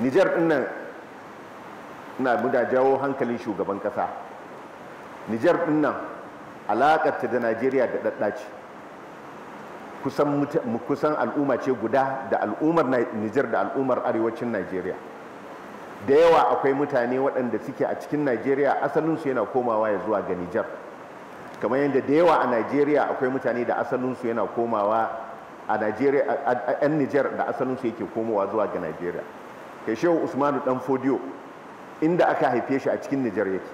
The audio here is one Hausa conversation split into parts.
nijar dinnan na buda jawo hankalin shugaban kasa nijar dinnan alakarta da najeriya da daddaci kusan kusan al'umma ce guda da al'ummar nijar da al'ummar arewacin najeriya da yawa akwai mutane waɗanda suke a cikin najeriya asalinsu yana komawa ya zuwa ga nijar kamar yadda da yawa a najeriya akwai mutane da asalinsu yana komawa a najeriya 'yan nijar da asalinsu yake komawa zuwa ga najeriya kai shehu usmanu dan fodiyo inda aka haife shi a cikin nijar yake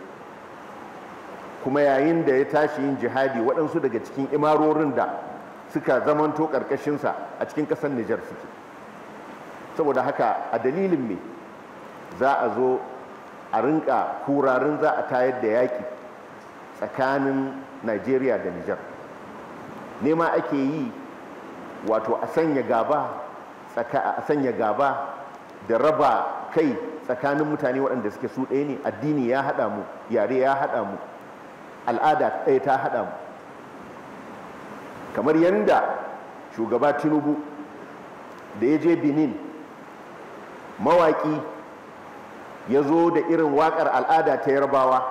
kuma yayin da ya tashi yin jihadi waɗansu daga cikin imarorin da suka zamanto ƙarƙashinsa a cikin ƙasar nijar suke saboda haka a dalilin me za a zo a rinka kurarin za a tayar da yaƙi tsakanin najeriya da nijar nema ake yi wato a sanya gaba a sanya gaba da raba kai tsakanin mutane waɗanda suke su ɗaya ne addini ya haɗa mu yare ya haɗa mu al'ada ɗaya ta haɗa mu kamar yadda shugaba tinubu da ya je benin mawaƙi ya zo da irin waƙar al'ada ta yarbawa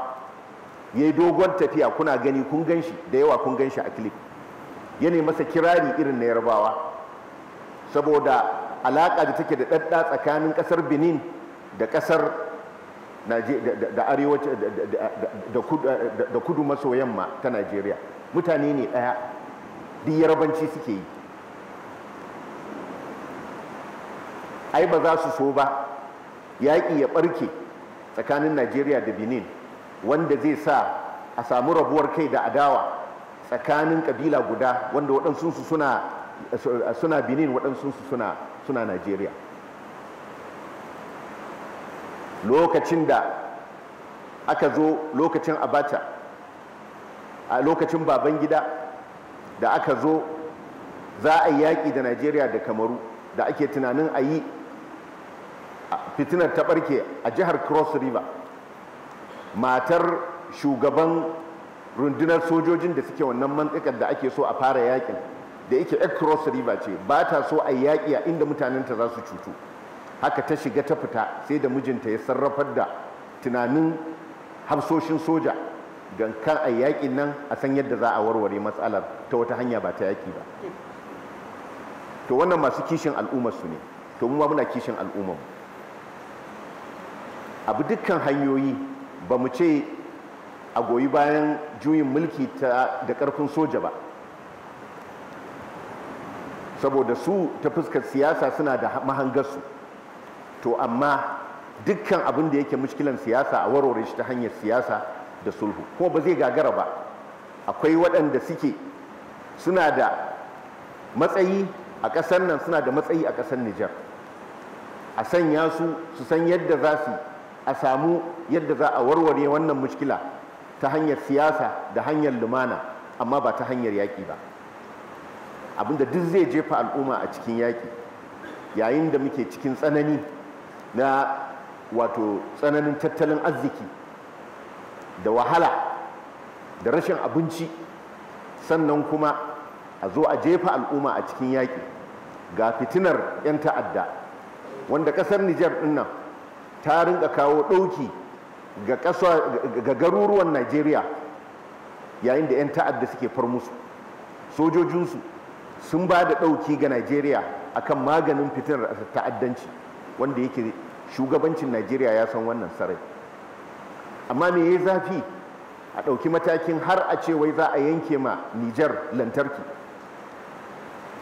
ya yi dogon tafiya kuna gani kun gan shi da yawa kun gan shi a clip ya masa kirari irin na yarbawa saboda alaƙa da take da ɗaɗɗa tsakanin ƙasar benin da ƙasar da kudu maso yamma ta najeriya mutane ne ɗaya duk yarabanci suke yi ai ba za su so ba yaƙi ya ɓarke tsakanin najeriya da benin wanda zai sa a samu rabuwar kai da adawa tsakanin ƙabila guda wanda waɗansu suna suna benin waɗansu suna suna najeriya lokacin da aka zo lokacin abacha a lokacin baban gida da aka zo za a yi yaƙi da Nigeria da kamaru da ake tunanin a yi fitinar ta ɓarke a jihar cross river matar shugaban rundunar sojojin da suke wannan mantikar da ake so a fara yaƙin. da yake cross river ce ba ta so a yaƙi a inda mutanenta za su cutu haka ta shiga ta fita sai da mijinta ya sarrafar da tunanin hafsoshin soja don kan a yaƙin nan a san yadda za a warware matsalar ta wata hanya ba ta yaƙi ba to wannan masu kishin al'ummar su ne to mu ma muna kishin al'ummar abu dukkan hanyoyi ba mu ce a goyi bayan juyin mulki ta da ƙarfin soja ba saboda su ta fuskar siyasa suna da mahangarsu to amma dukkan abin da yake mushkilan siyasa a warware shi ta hanyar siyasa da sulhu kuma ba zai gagara ba akwai waɗanda suke suna da matsayi a ƙasar nan suna da matsayi a ƙasar Nijar a sanya su su san yadda za su a samu yadda za a warware wannan mushkila ta hanyar siyasa da hanyar lumana amma ba ta hanyar yaƙi ba abinda duk zai jefa al'umma a cikin yaƙi yayin da muke cikin tsanani na wato tsananin tattalin arziki da wahala da rashin abinci sannan kuma a zo a jefa al'umma a cikin yaƙi ga fitinar 'yan ta'adda wanda ƙasar Nijar dinnan ta rinka kawo ɗauki ga garuruwan Najeriya yayin da 'yan ta'adda suke far musu sojojinsu sun ba da ɗauki ga najeriya akan maganin fitinar ta'addanci wanda yake shugabancin najeriya ya san wannan sarai amma me ya yi zafi a ɗauki matakin har a ce wai za a yanke ma nijar lantarki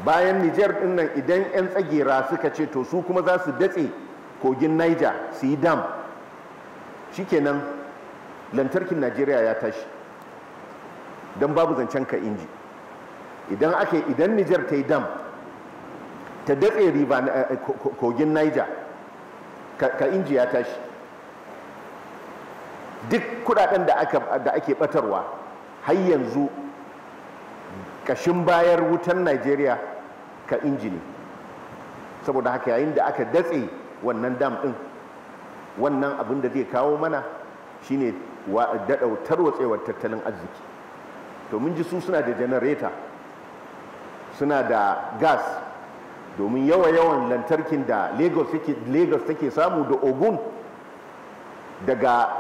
bayan nijar ɗin nan idan 'yan tsagera suka ce to su kuma za su datse kogin niger su yi dam shikenan lantarkin najeriya ya tashi don babu zancen ka inji idan aka idan Nijar ta yi dam ta datse riba eh, eh, kogin Niger ka inji ya tashi duk kudaden da ake batarwa har yanzu kashin bayar wutan Najeriya ka inji ne saboda haka yayin da aka datse wannan dam ɗin, wannan abin da zai kawo mana shine daɗautar watsewar tattalin arziki to mun ji su suna da janareta suna da gas domin yawa-yawan lantarkin da lagos take samu da ogun daga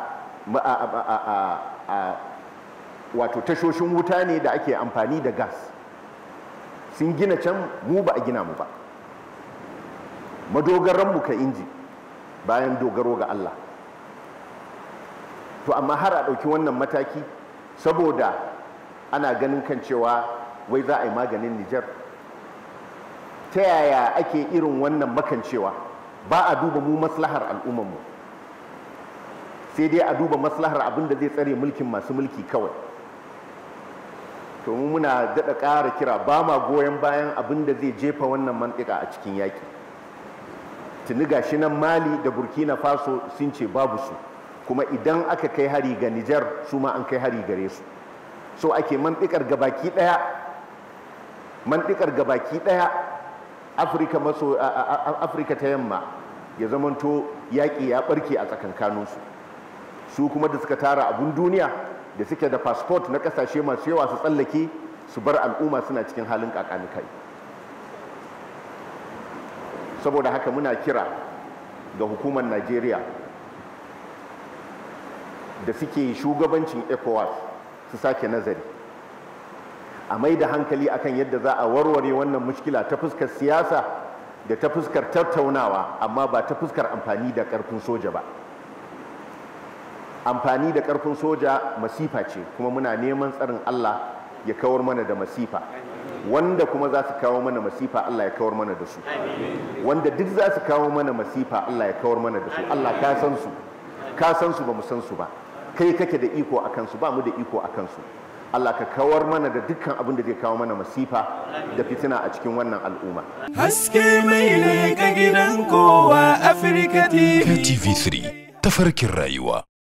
wato tashoshin wuta ne da ake amfani da gas sun gina can mu ba a gina mu ba madogaran mu ka inji bayan dogaro ga Allah to amma har a ɗauki wannan mataki saboda ana ganin kan cewa wai za a yi maganin nijar ta yaya ake irin wannan makancewa ba a duba mu maslahar al'ummanmu sai dai a duba maslahar abin da zai tsare mulkin masu mulki kawai to mu muna daɗa ƙara kira ba ma goyon bayan abin da zai jefa wannan mantika a cikin yaƙi tuni gashi nan mali da burkina faso sun ce babu su kuma idan aka kai hari ga nijar su ma an kai hari gare su so ake mantikar gabaki ɗaya mantikar gabaki daya afirka maso afirka ta yamma ya zamanto yaƙi ya barke a tsakankanin su su kuma da suka tara abun duniya da suke da fasfot na ƙasashe masu yawa su tsallake su bar al'umma suna cikin halin kai saboda haka muna kira ga hukumar najeriya da suke shugabancin ecowas su sake nazari a mai da hankali akan yadda za a warware wannan mushkila ta fuskar siyasa da ta fuskar tattaunawa amma ba ta fuskar amfani da karfin soja ba amfani da karfin soja masifa ce kuma muna neman tsarin Allah ya kawar mana da masifa wanda kuma za su kawo mana masifa Allah ya kawar mana da su wanda duk za su kawo mana masifa Allah ya kawar mana da su Allah ka san su ka san su ba mu san su ba kai kake da iko akan su ba mu da iko akan su Allah ka kawar mana da dukkan abin da zai kawo mana masifa da fitina a cikin wannan al'umma. Haske mai leka gidan kowa Afirka TV. KTV3 tafarkin rayuwa.